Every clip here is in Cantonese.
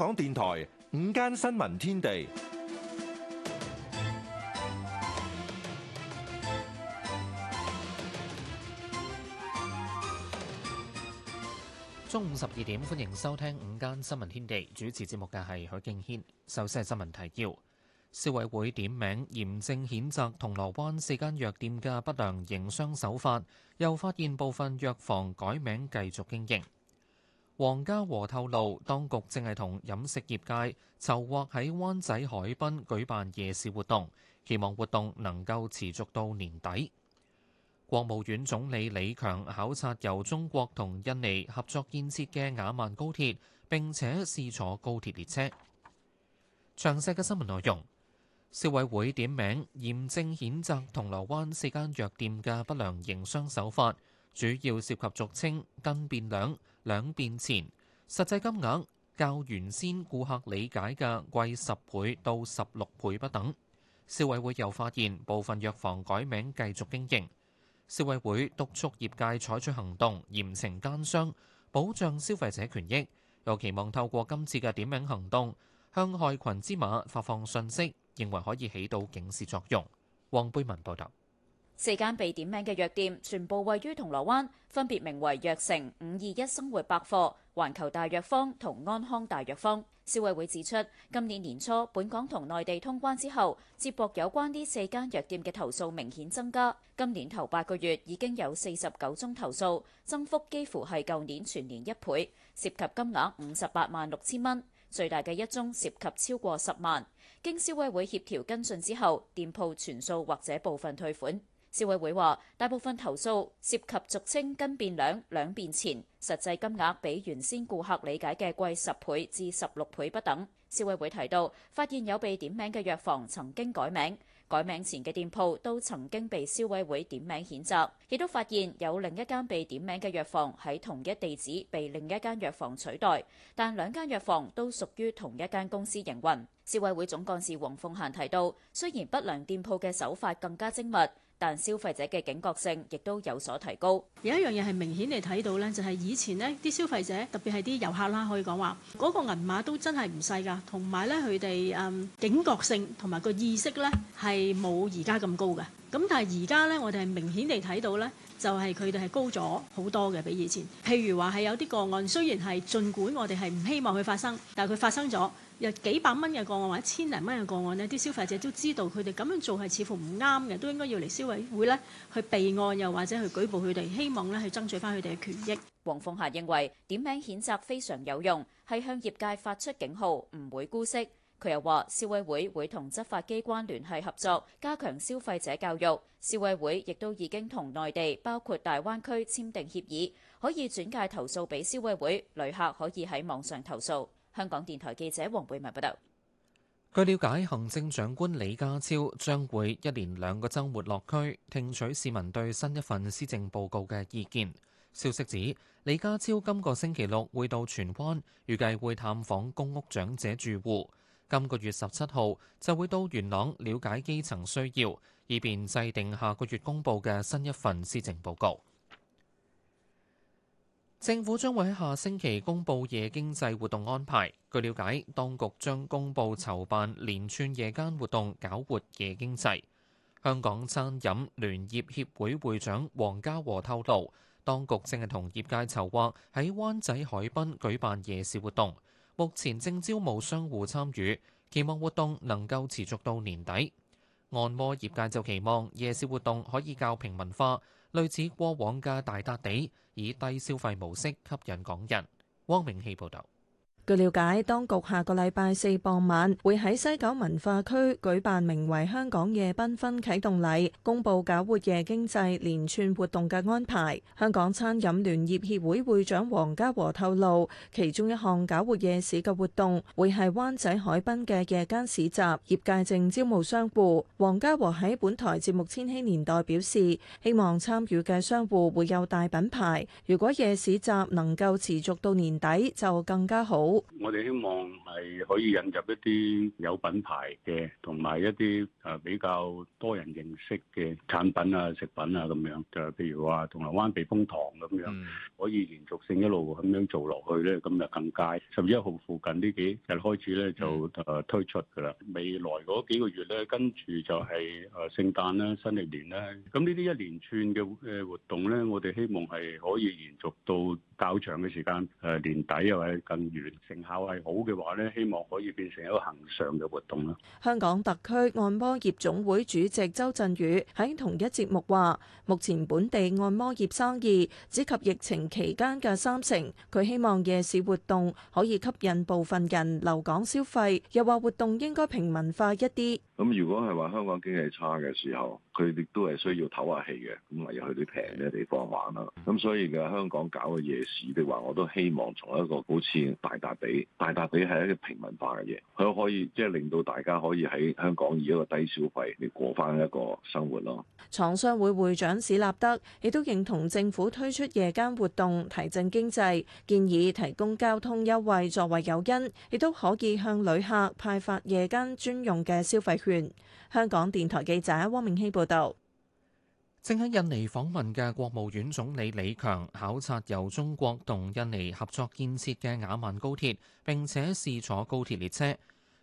香港電台午間新聞天地，中午十二點，歡迎收聽午間新聞天地。主持節目嘅係許敬軒。首先係新聞提要：消委會點名嚴正譴責銅鑼灣四間藥店嘅不良營商手法，又發現部分藥房改名繼續經營。王家和透露，當局正係同飲食業界籌劃喺灣仔海濱舉辦夜市活動，希望活動能夠持續到年底。國務院總理李強考察由中國同印尼合作建設嘅雅萬高鐵，並且試坐高鐵列車。詳細嘅新聞內容，消委會點名嚴正譴責銅鑼灣四間藥店嘅不良營商手法，主要涉及俗稱斤變兩，兩變前，實際金額較原先顧客理解嘅貴十倍到十六倍不等。消委會又發現部分藥房改名繼續經營，消委會督促業界採取行動，嚴懲奸商，保障消費者權益。又期望透過今次嘅點名行動，向害群之馬發放訊息，認為可以起到警示作用。黃貝文報道。四間被點名嘅藥店全部位於銅鑼灣，分別名為藥城、五二一生活百貨、環球大藥房同安康大藥房。消委會指出，今年年初本港同內地通關之後，接獲有關呢四間藥店嘅投訴明顯增加。今年頭八個月已經有四十九宗投訴，增幅幾乎係舊年全年一倍，涉及金額五十八萬六千蚊，最大嘅一宗涉及超過十萬。經消委會協調跟進之後，店鋪全數或者部分退款。消委會話，大部分投訴涉及俗稱“斤變兩，兩變錢”，實際金額比原先顧客理解嘅貴十倍至十六倍不等。消委會提到，發現有被點名嘅藥房曾經改名，改名前嘅店鋪都曾經被消委會點名譴責，亦都發現有另一間被點名嘅藥房喺同一地址被另一間藥房取代，但兩間藥房都屬於同一間公司營運。消委會總幹事黃鳳嫻提到，雖然不良店鋪嘅手法更加精密。但消費者嘅警覺性亦都有所提高。有一樣嘢係明顯地睇到呢，就係以前呢啲消費者，特別係啲遊客啦，可以講話嗰個銀碼都真係唔細㗎，同埋呢，佢哋誒警覺性同埋個意識呢係冇而家咁高嘅。咁但係而家呢，我哋係明顯地睇到呢。就係佢哋係高咗好多嘅，比以前。譬如話係有啲個案，雖然係儘管我哋係唔希望佢發生，但係佢發生咗，有幾百蚊嘅個案或者千零蚊嘅個案，呢啲消費者都知道佢哋咁樣做係似乎唔啱嘅，都應該要嚟消委會呢去備案，又或者去舉報佢哋，希望呢去爭取翻佢哋嘅權益。黃鳳霞認為點名譴責非常有用，係向業界發出警號，唔會姑息。佢又話：消委會會同執法機關聯繫合作，加強消費者教育。消委會亦都已經同內地，包括大灣區簽訂協議，可以轉介投訴俾消委會。旅客可以喺網上投訴。香港電台記者黃慧文報道。據了解，行政長官李家超將會一連兩個週末落區，聽取市民對新一份施政報告嘅意見。消息指，李家超今個星期六會到荃灣，預計會探訪公屋長者住戶。今個月十七號就會到元朗了解基層需要，以便制定下個月公佈嘅新一份施政報告。政府將會喺下星期公佈夜經濟活動安排。據了解，當局將公佈籌辦連串夜間活動，搞活夜經濟。香港餐飲聯業協會會長黃家和透露，當局正係同業界籌劃喺灣仔海濱舉辦夜市活動。.目前正招募商戶參與，期望活動能夠持續到年底。按摩業界就期望夜市活動可以較平民化，類似過往嘅大笪地，以低消費模式吸引港人。汪明希報道。據了解，當局下個禮拜四傍晚會喺西九文化區舉辦名為《香港夜繽紛》啟動禮，公布搞活夜經濟連串活動嘅安排。香港餐飲聯業協會會長黃家和透露，其中一項搞活夜市嘅活動會係灣仔海濱嘅夜間市集，業界正招募商戶。黃家和喺本台節目《千禧年代》表示，希望參與嘅商戶會有大品牌，如果夜市集能夠持續到年底就更加好。我哋希望係可以引入一啲有品牌嘅，同埋一啲誒比較多人認識嘅產品啊、食品啊咁樣，就譬如話銅鑼灣避風塘咁樣，可以延續性一路咁樣做落去咧，咁就更佳。十一號附近呢幾日開始咧就誒推出噶啦，未來嗰幾個月咧跟住就係誒聖誕啦、新曆年啦，咁呢啲一連串嘅誒活動咧，我哋希望係可以延續到較長嘅時間，誒年底又或者更遠。成效係好嘅話呢，希望可以變成一個恒常嘅活動啦。香港特區按摩業總會主席周振宇喺同一節目話：目前本地按摩業生意只及疫情期間嘅三成。佢希望夜市活動可以吸引部分人留港消費，又話活動應該平民化一啲。咁如果係話香港經濟差嘅時候，佢亦都係需要唞下氣嘅，咁唯有去啲平嘅地方玩啦。咁所以嘅香港搞嘅夜市，的話我都希望從一個好似大笪地、大笪地係一個平民化嘅嘢，佢可以即係、就是、令到大家可以喺香港以一個低消費，要過翻一個生活咯。廠商會會長史立德亦都認同政府推出夜間活動提振經濟，建議提供交通優惠作為誘因，亦都可以向旅客派發夜間專用嘅消費券。香港電台記者汪明希報道。正喺印尼訪問嘅國務院總理李強考察由中國同印尼合作建設嘅雅萬高鐵，並且試坐高鐵列車。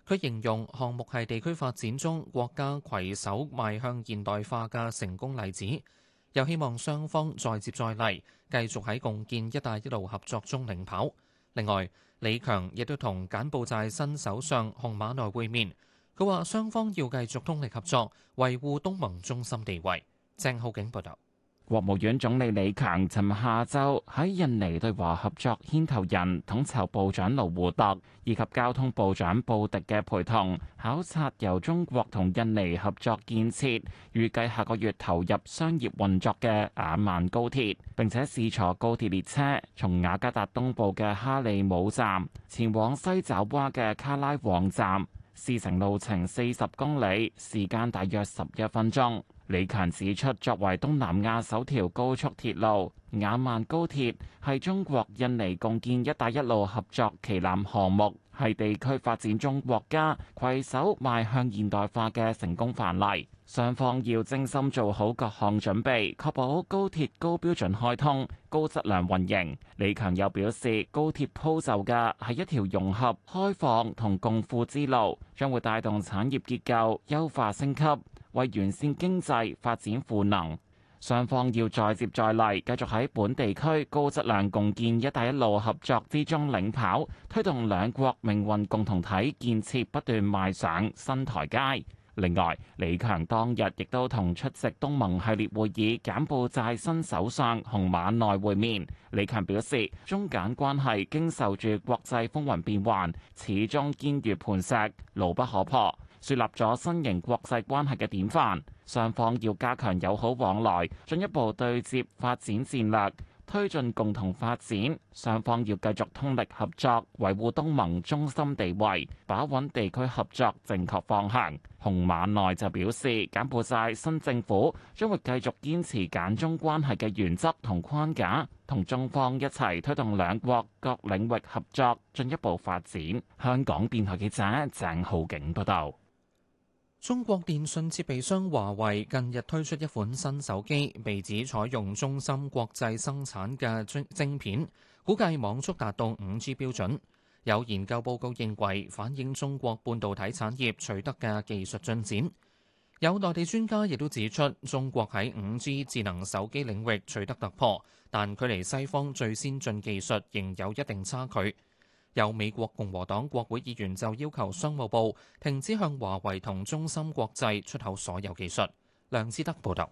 佢形容項目係地區發展中國家攜手邁向現代化嘅成功例子，又希望雙方再接再厲，繼續喺共建“一帶一路”合作中領跑。另外，李強亦都同柬埔寨新首相洪馬內會面。佢話：雙方要繼續通力合作，維護東盟中心地位。鄭浩景報導。國務院總理李強尋日下晝喺印尼對華合作牽頭人、統籌部長盧胡特以及交通部長布迪嘅陪同，考察由中國同印尼合作建設、預計下個月投入商業運作嘅雅萬高鐵，並且試坐高鐵列車，從雅加達東部嘅哈利姆站前往西爪哇嘅卡拉旺站。試乘路程四十公里，時間大約十一分鐘。李強指出，作為東南亞首條高速鐵路，雅萬高鐵係中國印尼共建“一帶一路”合作旗艦項目，係地區發展中國家攜手邁向現代化嘅成功範例。雙方要精心做好各項準備，確保高鐵高標準開通、高質量運營。李強又表示，高鐵鋪就嘅係一條融合、開放同共富之路，將會帶動產業結構優化升級，為完善經濟發展賦能。雙方要再接再厲，繼續喺本地區高質量共建“一帶一路”合作之中領跑，推動兩國命運共同體建設不斷邁上新台階。另外，李強當日亦都同出席東盟系列會議、柬埔寨新首相洪馬內會面。李強表示，中柬關係經受住國際風雲變幻，始終堅如磐石，牢不可破，樹立咗新型國際關係嘅典範。雙方要加強友好往來，進一步對接發展戰略。推進共同發展，雙方要繼續通力合作，維護東盟中心地位，把穩地區合作正確方向。洪馬內就表示，柬埔寨新政府將會繼續堅持柬中關係嘅原則同框架，同中方一齊推動兩國各領域合作進一步發展。香港電台記者鄭浩景報道。中國電信設備商華為近日推出一款新手機，被指採用中芯國際生產嘅晶，晶片，估計網速達到五 G 標準。有研究報告認為，反映中國半導體產業取得嘅技術進展。有內地專家亦都指出，中國喺五 G 智能手機領域取得突破，但距離西方最先進技術仍有一定差距。有美國共和黨國會議員就要求商務部停止向華為同中芯國際出口所有技術。梁志德報導。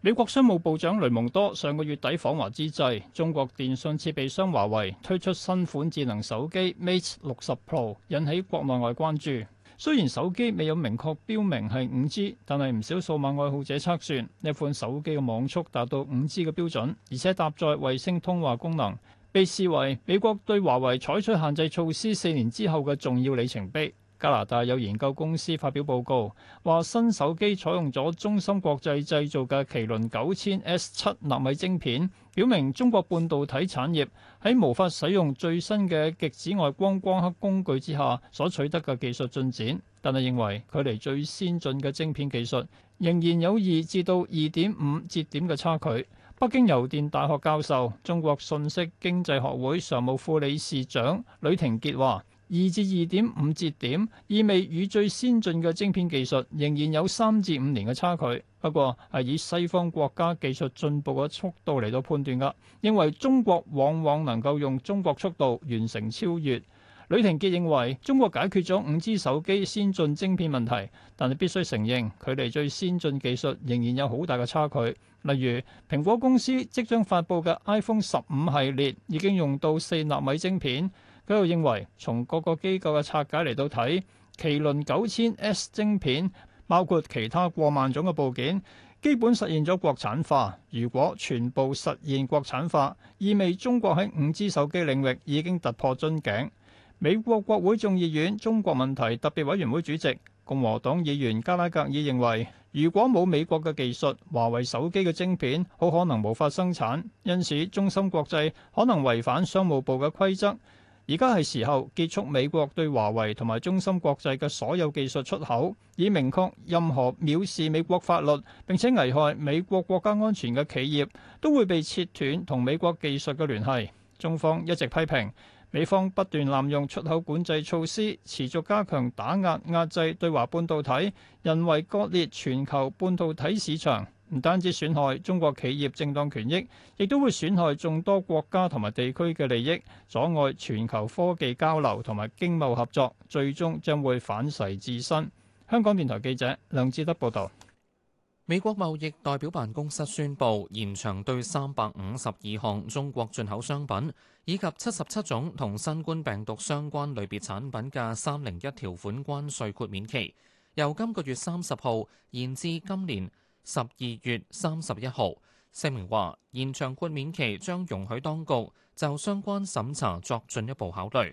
美國商務部長雷蒙多上個月底訪華之際，中國電信設備商華為推出新款智能手機 Mate 六十 Pro，引起國內外關注。雖然手機未有明確標明係五 G，但係唔少數碼愛好者測算，呢款手機嘅網速達到五 G 嘅標準，而且搭載衛星通話功能。被視為美國對華為採取限制措施四年之後嘅重要里程碑。加拿大有研究公司發表報告，話新手機採用咗中芯國際製造嘅麒麟九千 S 七納米晶片，表明中國半導體產業喺無法使用最新嘅極紫外光光刻工具之下所取得嘅技術進展。但係認為距離最先進嘅晶片技術仍然有二至到二點五節點嘅差距。北京郵電大學教授、中國信息經濟學會常務副理事長呂廷傑話，二至二點五節點，意味與最先進嘅晶片技術仍然有三至五年嘅差距。不過係以西方國家技術進步嘅速度嚟到判斷噶，認為中國往往能夠用中國速度完成超越。呂庭杰認為，中國解決咗五 G 手機先進晶片問題，但係必須承認，距離最先進技術仍然有好大嘅差距。例如，蘋果公司即將發布嘅 iPhone 十五系列已經用到四納米晶片。佢又認為，從各個機構嘅拆解嚟到睇，麒麟九千 S 晶片包括其他過萬種嘅部件，基本實現咗國產化。如果全部實現國產化，意味中國喺五 G 手機領域已經突破樽頸。美國國會眾議院中國問題特別委員會主席、共和黨議員加拉格爾認為，如果冇美國嘅技術，華為手機嘅晶片好可能無法生產，因此中芯國際可能違反商務部嘅規則。而家係時候結束美國對華為同埋中芯國際嘅所有技術出口，以明確任何藐視美國法律，並且危害美國國家安全嘅企業都會被切斷同美國技術嘅聯繫。中方一直批評。美方不斷濫用出口管制措施，持續加強打壓壓制對華半導體，人為割裂全球半導體市場，唔單止損害中國企業正當權益，亦都會損害眾多國家同埋地區嘅利益，阻礙全球科技交流同埋經貿合作，最終將會反噬自身。香港電台記者梁志德報道。美國貿易代表辦公室宣布延長對三百五十二項中國進口商品以及七十七種同新冠病毒相關類別產品嘅三零一條款關稅豁免期，由今個月三十號延至今年十二月三十一號。聲明話，延長豁免期將容許當局就相關審查作進一步考慮。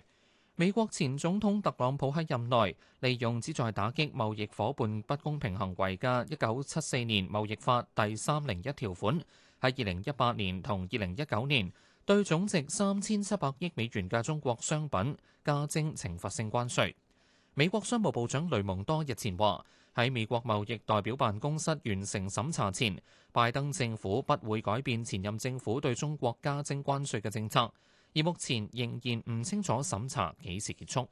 美國前總統特朗普喺任內，利用旨在打擊貿易夥伴不公平行為嘅一九七四年貿易法第三零一條款，喺二零一八年同二零一九年對總值三千七百億美元嘅中國商品加徵懲罰性關稅。美國商務部長雷蒙多日前話，喺美國貿易代表辦公室完成審查前，拜登政府不會改變前任政府對中國加徵關稅嘅政策。而目前仍然唔清楚審查幾時結束。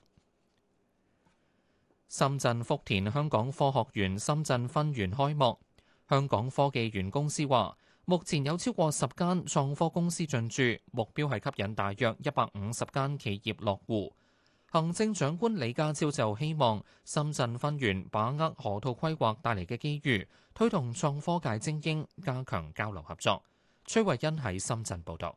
深圳福田香港科學園深圳分園開幕，香港科技園公司話，目前有超過十間創科公司進駐，目標係吸引大約一百五十間企業落戶。行政長官李家超就希望深圳分園把握河套規劃帶嚟嘅機遇，推動創科界精英加強交流合作。崔慧欣喺深圳報道。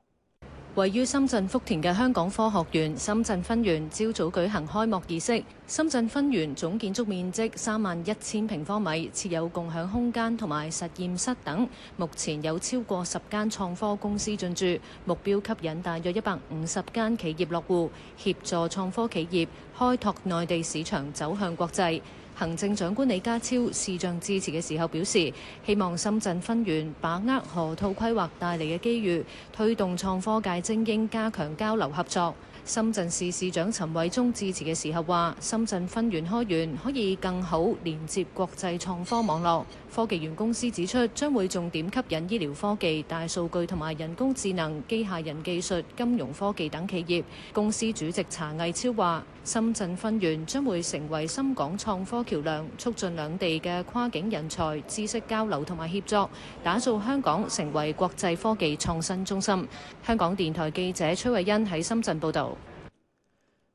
位於深圳福田嘅香港科學園深圳分園，朝早舉行開幕儀式。深圳分園總建築面積三萬一千平方米，設有共享空間同埋實驗室等。目前有超過十間創科公司進駐，目標吸引大約一百五十間企業落戶，協助創科企業開拓內地市場，走向國際。行政長官李家超視像致辭嘅時候表示，希望深圳分園把握河套規劃帶嚟嘅機遇，推動創科界精英加強交流合作。深圳市市長陳偉忠致辭嘅時候話，深圳分園開園可以更好連接國際創科網絡。科技園公司指出，將會重點吸引醫療科技、大數據同埋人工智能、機械人技術、金融科技等企業。公司主席查毅超話，深圳分園將會成為深港創科橋樑，促進兩地嘅跨境人才、知識交流同埋協作，打造香港成為國際科技創新中心。香港電台記者崔慧欣喺深圳報道。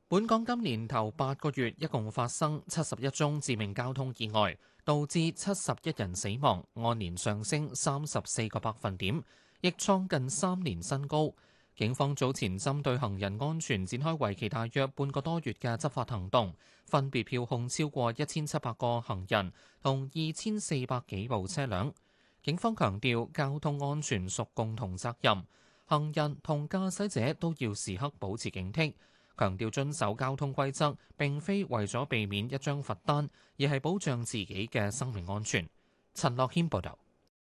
本港今年頭八個月，一共發生七十一宗致命交通意外。導致七十一人死亡，按年上升三十四個百分點，亦創近三年新高。警方早前針對行人安全展開為期大約半個多月嘅執法行動，分別票控超過一千七百個行人同二千四百幾部車輛。警方強調，交通安全屬共同責任，行人同駕駛者都要時刻保持警惕。強調遵守交通規則，並非為咗避免一張罰單，而係保障自己嘅生命安全。陳樂謙報道，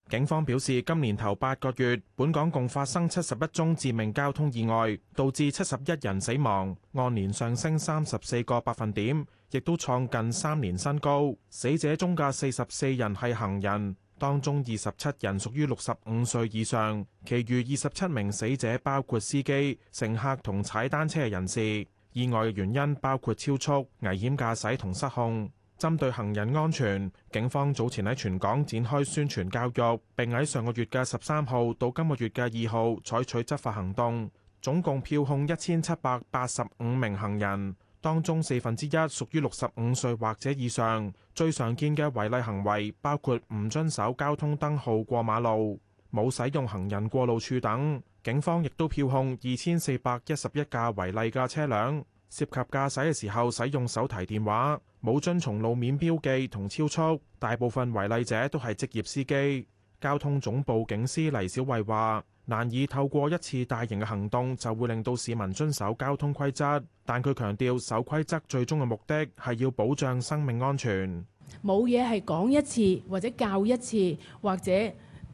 警方表示，今年頭八個月，本港共發生七十一宗致命交通意外，導致七十一人死亡，按年上升三十四個百分點，亦都創近三年新高。死者中嘅四十四人係行人。當中二十七人屬於六十五歲以上，其餘二十七名死者包括司機、乘客同踩單車嘅人士。意外嘅原因包括超速、危險駕駛同失控。針對行人安全，警方早前喺全港展開宣傳教育，並喺上個月嘅十三號到今個月嘅二號採取執法行動，總共票控一千七百八十五名行人。當中四分之一屬於六十五歲或者以上，最常見嘅違例行為包括唔遵守交通燈號過馬路、冇使用行人過路處等。警方亦都票控二千四百一十一架違例嘅車輛，涉及駕駛嘅時候使用手提電話、冇遵從路面標記同超速。大部分違例者都係職業司機。交通總部警司黎小慧話：難以透過一次大型嘅行動就會令到市民遵守交通規則，但佢強調守規則最終嘅目的係要保障生命安全。冇嘢係講一次，或者教一次，或者。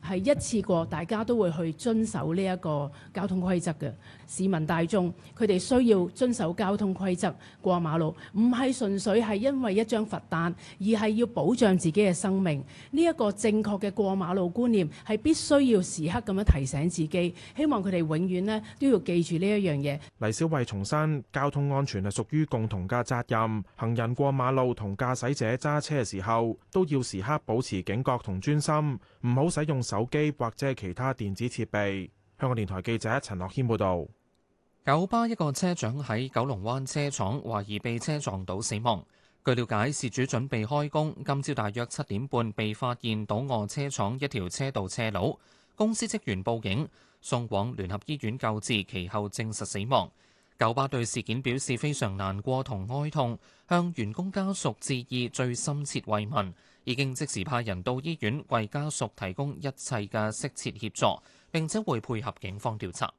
係一次過，大家都會去遵守呢一個交通規則嘅市民大眾，佢哋需要遵守交通規則過馬路，唔係純粹係因為一張罰單，而係要保障自己嘅生命。呢一個正確嘅過馬路觀念係必須要時刻咁樣提醒自己，希望佢哋永遠呢都要記住呢一樣嘢。黎小慧重申，交通安全係屬於共同嘅責任。行人過馬路同駕駛者揸車嘅時候，都要時刻保持警覺同專心，唔好使用手機或者其他電子設備。香港電台記者陳樂軒報導，九巴一個車長喺九龍灣車廠懷疑被車撞倒死亡。據了解，事主準備開工，今朝大約七點半被發現倒卧車廠一條車道車路，公司職員報警，送往聯合醫院救治，其後證實死亡。九巴對事件表示非常難過同哀痛，向員工家屬致意最深切慰問。已經即時派人到醫院為家屬提供一切嘅適切協助，並且會配合警方調查。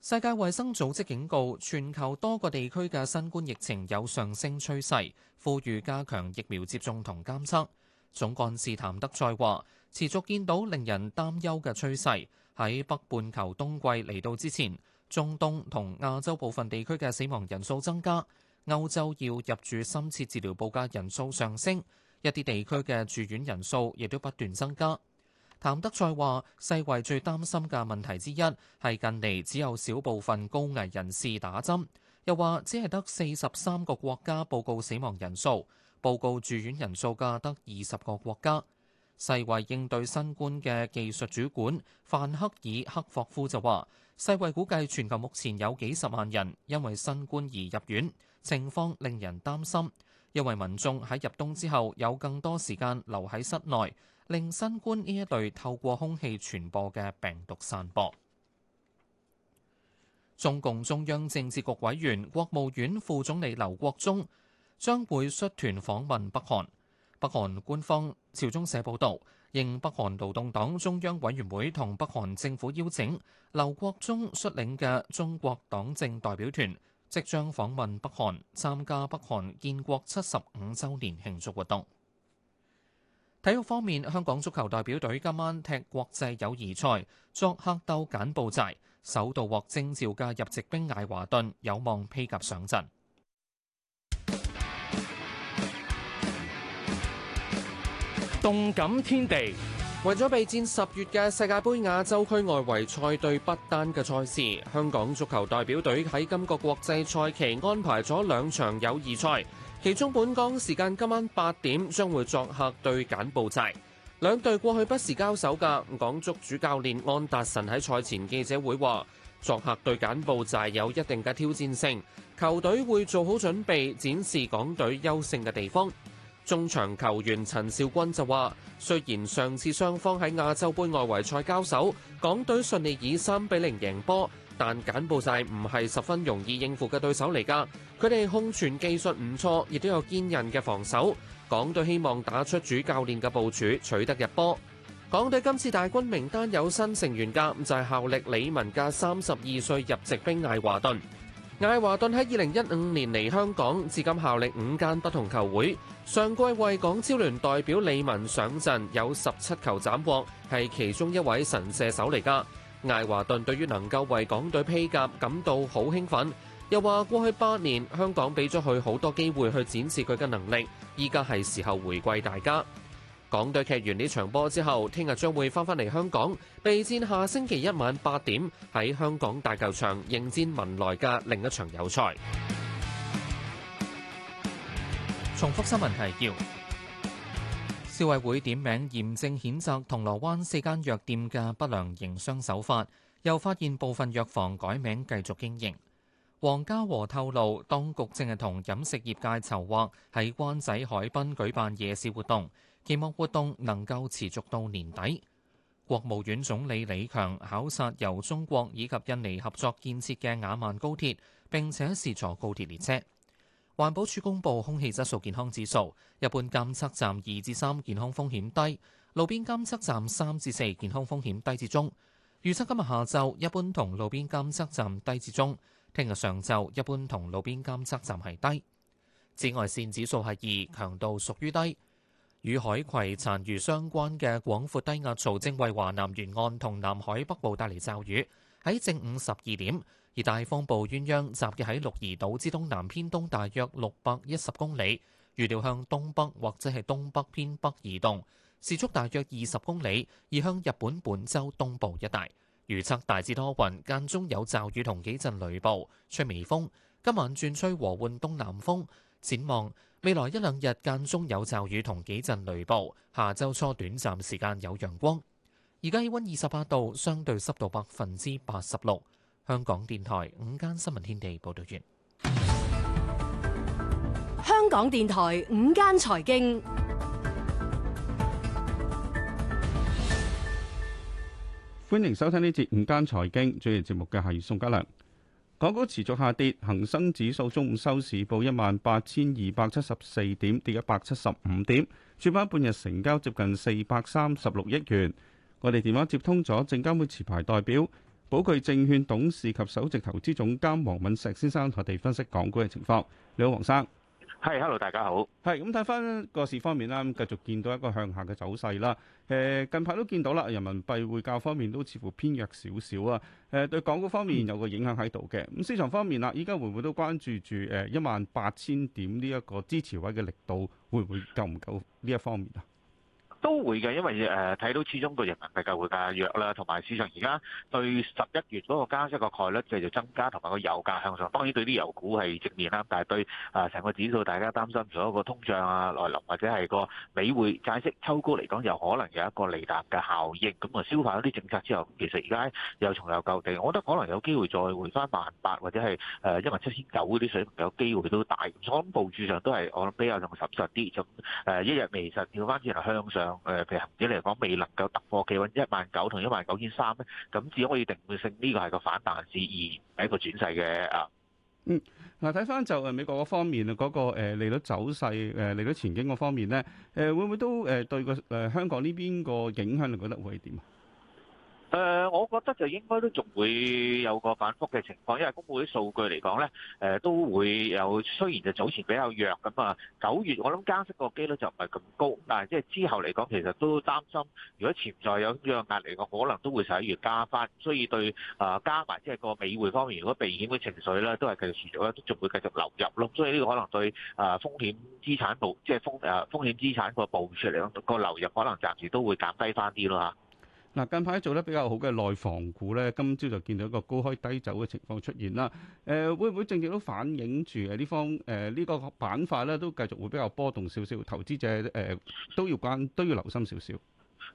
世界衛生組織警告全球多個地區嘅新冠疫情有上升趨勢，呼籲加強疫苗接種同監測。總幹事譚德賽話：持續見到令人擔憂嘅趨勢，喺北半球冬季嚟到之前，中東同亞洲部分地區嘅死亡人數增加，歐洲要入住深切治療部嘅人數上升。一啲地區嘅住院人數亦都不斷增加。譚德塞話：世衛最擔心嘅問題之一係近嚟只有少部分高危人士打針。又話只係得四十三個國家報告死亡人數，報告住院人數嘅得二十個國家。世衛應對新冠嘅技術主管范克爾克霍夫就話：世衛估計全球目前有幾十萬人因為新冠而入院，情況令人擔心。因為民眾喺入冬之後有更多時間留喺室內，令新冠呢一類透過空氣傳播嘅病毒散播。中共中央政治局委員、國務院副總理劉國中將會率團訪問北韓。北韓官方朝中社報導，應北韓勞動黨中央委員會同北韓政府邀請，劉國中率領嘅中國黨政代表團。即將訪問北韓，參加北韓建國七十五周年慶祝活動。體育方面，香港足球代表隊今晚踢國際友誼賽，作客鬥柬埔寨。首度獲徵召嘅入籍兵艾華頓有望披甲上陣。動感天地。為咗備戰十月嘅世界杯亞洲區外圍賽對不丹嘅賽事，香港足球代表隊喺今個國際賽期安排咗兩場友誼賽，其中本港時間今晚八點將會作客對柬埔寨。兩隊過去不時交手㗎，港足主教練安達臣喺賽前記者會話，作客對柬埔寨有一定嘅挑戰性，球隊會做好準備展示港隊優勝嘅地方。中場球員陳肇鈞就話，雖然上次雙方喺亞洲盃外圍賽交手，港隊順利以三比零贏波，但柬埔寨唔係十分容易應付嘅對手嚟㗎。佢哋控傳技術唔錯，亦都有堅韌嘅防守，港隊希望打出主教練嘅部署，取得入波。港隊今次大軍名單有新成員㗎，就係效力李文嘅三十二歲入籍兵艾華頓。艾華頓喺二零一五年嚟香港，至今效力五間不同球會，上季為港超聯代表理文上陣，有十七球斬獲，係其中一位神射手嚟㗎。艾華頓對於能夠為港隊披甲感到好興奮，又話過去八年香港俾咗佢好多機會去展示佢嘅能力，依家係時候回饋大家。港隊踢完呢場波之後，聽日將會返返嚟香港，備戰下星期一晚八點，喺香港大球場，迎戰文萊嘅另一場友賽。重複新聞提要: 黃家和透露，當局正係同飲食業界籌劃喺灣仔海濱舉辦夜市活動，期望活動能夠持續到年底。國務院總理李強考察由中國以及印尼合作建設嘅雅萬高鐵，並且試坐高鐵列車。環保署公布空氣質素健康指數，一般監測站二至三，健康風險低；路邊監測站三至四，健康風險低至中。預測今日下晝一般同路邊監測站低至中。聽日上晝一般同路邊監測站係低，紫外線指數係二，強度屬於低。與海葵殘餘相關嘅廣闊低壓槽正為華南沿岸同南海北部帶嚟驟雨，喺正午十二點。而大風暴鴛鴦集結喺鹿兒島之東南偏東大約六百一十公里，預料向東北或者係東北偏北移動，時速大約二十公里，而向日本本州東部一帶。預測大致多雲，間中有驟雨同幾陣雷暴，吹微風。今晚轉吹和緩東南風。展望未來一兩日間中有驟雨同幾陣雷暴，下周初短暫時間有陽光。而家氣溫二十八度，相對濕度百分之八十六。香港電台午間新聞天地報道完。香港電台午間財經。歡迎收聽呢節午間財經，主持節目嘅係宋家良。港股持續下跌，恒生指數中午收市報一萬八千二百七十四點，跌一百七十五點。主板半日成交接近四百三十六億元。我哋電話接通咗證監會持牌代表寶钜證券董事及首席投資總監黃敏石先生，同我哋分析港股嘅情況。你好，黃生。hello，大家好。係，咁睇翻個市方面啦，咁繼續見到一個向下嘅走勢啦。誒，近排都見到啦，人民幣匯價方面都似乎偏弱少少啊。誒，對港股方面有個影響喺度嘅。咁市場方面啦，依家會唔會都關注住誒一萬八千點呢一個支持位嘅力度，會唔會夠唔夠呢一方面啊？都會嘅，因為誒睇到始終個人民幣嘅匯價弱啦，同埋市場而家對十一月嗰個加息個概率繼續增加，同埋個油價向上。當然對啲油股係正面啦，但係對啊成個指數大家擔心咗個通脹啊來臨，或者係個美匯債息抽高嚟講，又可能有一個利淡嘅效應。咁啊消化咗啲政策之後，其實而家又重遊舊地，我覺得可能有機會再回翻萬八或者係誒一萬七千九嗰啲水平，有機會都大。所以我諗部署上都係我諗比較仲審慎啲。咁誒一日未實調翻轉頭向上。誒，譬如恒指嚟講未能夠突破企穩一萬九同一萬九千三咧，咁只可以定性呢個係個反彈市，而係一個轉勢嘅啊。嗯，嗱，睇翻就誒美國嗰方面嗰、嗰個利率走勢，誒利率前景嗰方面咧，誒會唔會都誒對個誒香港呢邊個影響會，你覺得會點啊？誒，我覺得就應該都仲會有個反覆嘅情況，因為公佈啲數據嚟講咧，誒都會有。雖然就早前比較弱咁啊，九月我諗加息個機率就唔係咁高，但係即係之後嚟講，其實都擔心如果潛在有咁樣嘅壓力嘅，可能都會十一月加翻。所以對啊，加埋即係個美匯方面，如果避險嘅情緒咧，都係繼續持續咧，都仲會繼續流入咯。所以呢個可能對啊風險資產部，即係風誒風險資產個部，部署嚟講，個流入，可能暫時都會減低翻啲咯嚇。嗱，近排做得比較好嘅內房股咧，今朝就見到一個高開低走嘅情況出現啦。誒、呃，會唔會正正都反映住誒呢方誒呢、呃這個板塊咧都繼續會比較波動少少，投資者誒、呃、都要關都要留心少少。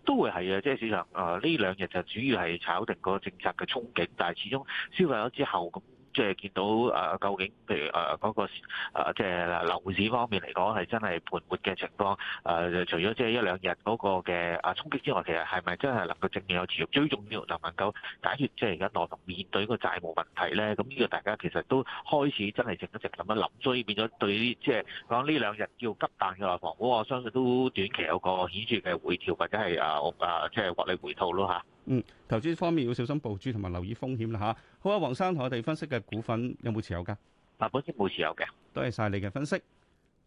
都會係嘅，即係市場啊，呢兩日就主要係炒定個政策嘅憧憬，但係始終消費咗之後咁。即係見到誒，究竟譬如誒嗰個即係樓市方面嚟講，係真係盤活嘅情況誒？除咗即係一兩日嗰個嘅誒衝擊之外，其實係咪真係能夠正面有持續？最重要能夠解決即係而家內房面對個債務問題咧？咁呢個大家其實都開始真係靜一靜咁樣諗，所以變咗對呢即係講呢兩日叫急彈嘅內房股，我相信都短期有個顯著嘅回調，或者係誒誒即係獲利回吐咯嚇。嗯，投資方面要小心部署，同埋留意風險啦。吓、啊，好啊，黃生同我哋分析嘅股份有冇持有噶？啊，本身冇持有嘅。多謝晒你嘅分析。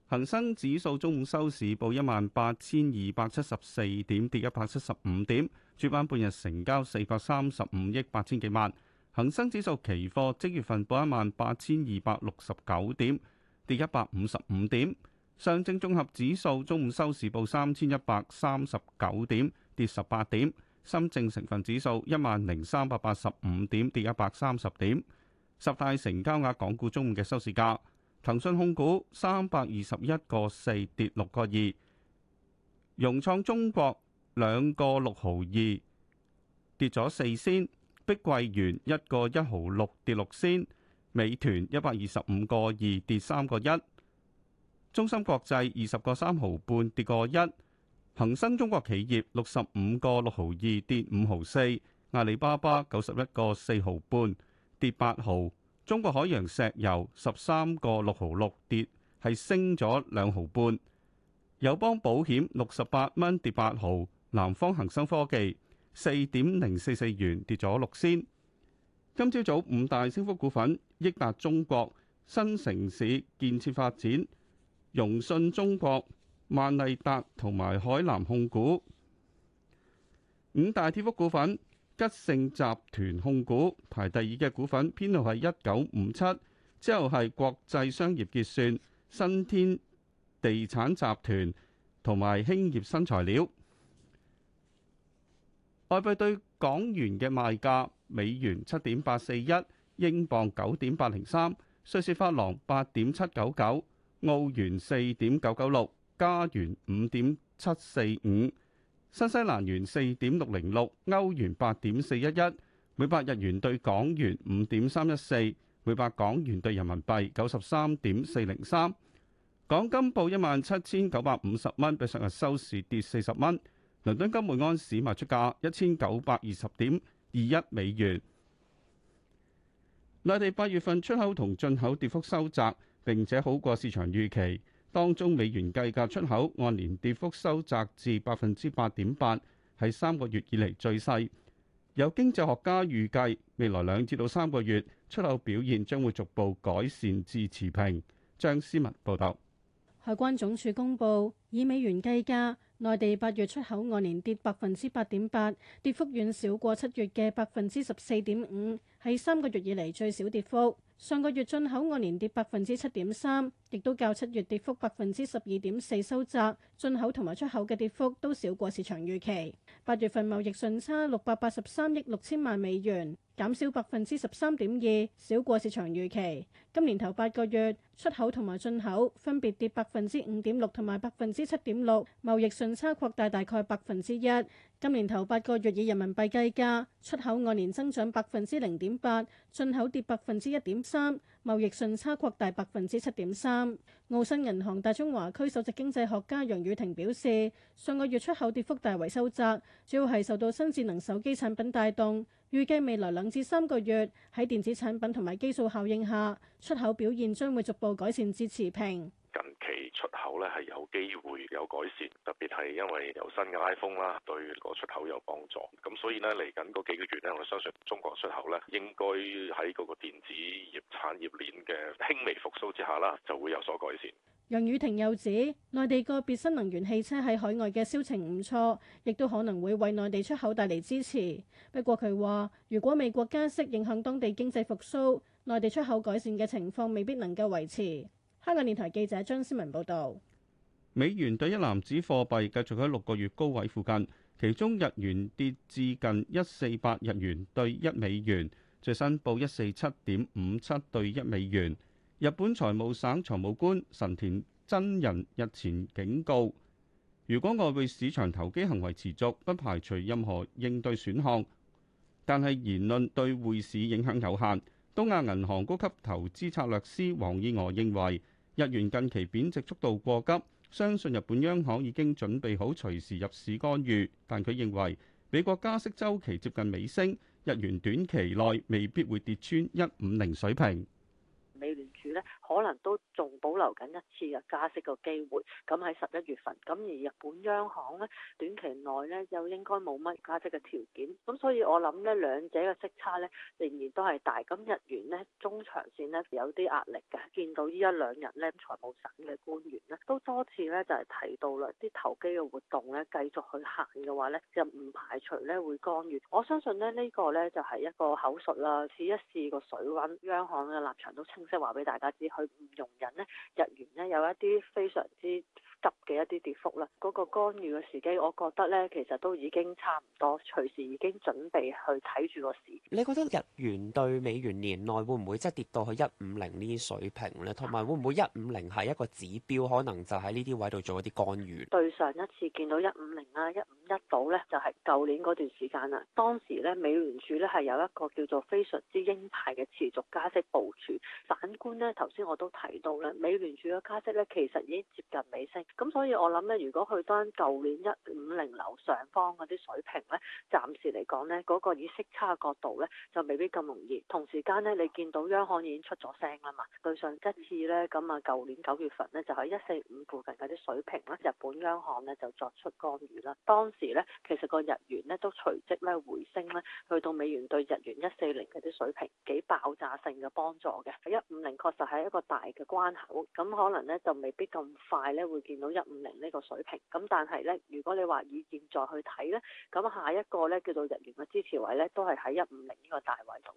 恒生指數中午收市報一萬八千二百七十四點，跌一百七十五點。主板半日成交四百三十五億八千幾萬。恒生指數期貨即月份報一萬八千二百六十九點，跌一百五十五點。上證綜合指數中午收市報三千一百三十九點，跌十八點。深證成分指數一萬零三百八十五點，跌一百三十點。十大成交額，港股中午嘅收市價，騰訊控股三百二十一個四，跌六個二。融創中國兩個六毫二，跌咗四仙。碧桂園一個一毫六，跌六仙。美團一百二十五個二，跌三個一。中芯國際二十個三毫半，跌個一。恒生中國企業六十五個六毫二跌五毫四，阿里巴巴九十一個四毫半跌八毫，中國海洋石油十三個六毫六跌係升咗兩毫半，友邦保險六十八蚊跌八毫，南方恒生科技四點零四四元跌咗六仙。今朝早五大升幅股份：益達中國、新城市建設發展、融信中國。萬麗達同埋海南控股。五大跌幅股份，吉盛集團控股，排第二嘅股份編號係一九五七，之後係國際商業結算、新天地產集團同埋興業新材料。外幣對港元嘅賣價：美元七點八四一，英鎊九點八零三，瑞士法郎八點七九九，澳元四點九九六。加元五點七四五，45, 新西蘭元四點六零六，歐元八點四一一，每百日元對港元五點三一四，每百港元對人民幣九十三點四零三。港金報一萬七千九百五十蚊，比上日收市跌四十蚊。倫敦金每安士賣出價一千九百二十點二一美元。內地八月份出口同進口跌幅收窄，並且好過市場預期。當中美元計價出口按年跌幅收窄至百分之八點八，係三個月以嚟最細。有經濟學家預計，未來兩至到三個月出口表現將會逐步改善至持平。張思文報道。海關總署公布，以美元計價，內地八月出口按年跌百分之八點八，跌幅遠少過七月嘅百分之十四點五，係三個月以嚟最少跌幅。上個月進口按年跌百分之七點三，亦都較七月跌幅百分之十二點四收窄。進口同埋出口嘅跌幅都少過市場預期。八月份貿易順差六百八十三億六千萬美元。減少百分之十三點二，少過市場預期。今年頭八個月出口同埋進口分別跌百分之五點六同埋百分之七點六，貿易順差擴大大概百分之一。今年頭八個月以人民幣計價，出口按年增長百分之零點八，進口跌百分之一點三。貿易順差擴大百分之七點三，澳新銀行大中華區首席經濟學家楊宇霆表示，上個月出口跌幅大為收窄，主要係受到新智能手機產品帶動。預計未來兩至三個月喺電子產品同埋基數效應下，出口表現將會逐步改善至持平。係有機會有改善，特別係因為有新嘅 iPhone 啦，對個出口有幫助。咁所以呢，嚟緊嗰幾個月呢，我相信中國出口呢應該喺嗰個電子業產業鏈嘅輕微復甦之下啦，就會有所改善。楊雨婷又指，內地個別新能源汽車喺海外嘅銷情唔錯，亦都可能會為內地出口帶嚟支持。不過佢話，如果美國加息影響當地經濟復甦，內地出口改善嘅情況未必能夠維持。香港電台記者張思文報導。美元對一籃子貨幣繼續喺六個月高位附近，其中日元跌至近一四八日元兌一美元，最新報一四七點五七對一美元。日本財務省財務官神田真人日前警告，如果外匯市場投機行為持續，不排除任何應對選項，但係言論對匯市影響有限。東亞銀行高級投資策略師黃義娥認為日元近期貶值速度過急。相信日本央行已經準備好隨時入市干預，但佢認為美國加息週期接近尾聲，日元短期內未必會跌穿一五零水平。可能都仲保留緊一次嘅加息個機會，咁喺十一月份。咁而日本央行咧短期內咧又應該冇乜加息嘅條件。咁所以我諗咧兩者嘅息差咧仍然都係大。咁日元咧中長線咧有啲壓力㗎。見到一兩呢一兩日咧財務省嘅官員咧都多次咧就係、是、提到啦，啲投機嘅活動咧繼續去行嘅話咧，就唔排除咧會干預。我相信咧呢、這個咧就係、是、一個口述啦，試一試個水溫，央行嘅立場都清晰話俾大家。大家知佢唔容忍咧，日元咧有一啲非常之嘅一啲跌幅啦，嗰、那個干預嘅時機，我覺得咧，其實都已經差唔多，隨時已經準備去睇住個市。你覺得日元對美元年內會唔會即係跌到去一五零呢啲水平咧？同埋會唔會一五零係一個指標，可能就喺呢啲位度做一啲干預？對上一次見到一五零啦，一五一到咧，就係、是、舊年嗰段時間啦。當時咧，美聯儲咧係有一個叫做非常之鷹派嘅持續加息部署。反觀咧，頭先我都提到咧，美聯儲嘅加息咧，其實已經接近尾聲。咁所以，我諗咧，如果去翻舊年一五零樓上方嗰啲水平咧，暫時嚟講咧，嗰個以息差角度咧，就未必咁容易。同時間咧，你見到央行已經出咗聲啦嘛？對上一次咧，咁啊舊年九月份咧，就喺一四五附近嗰啲水平咧，日本央行咧就作出干預啦。當時咧，其實個日元咧都隨即咧回升咧，去到美元對日元一四零嗰啲水平，幾爆炸性嘅幫助嘅。一五零確實係一個大嘅關口，咁可能咧就未必咁快咧會見到一五零呢個水平，咁但係咧，如果你話以現在去睇咧，咁下一個咧叫做日元嘅支持位咧，都係喺一五零呢個大位度。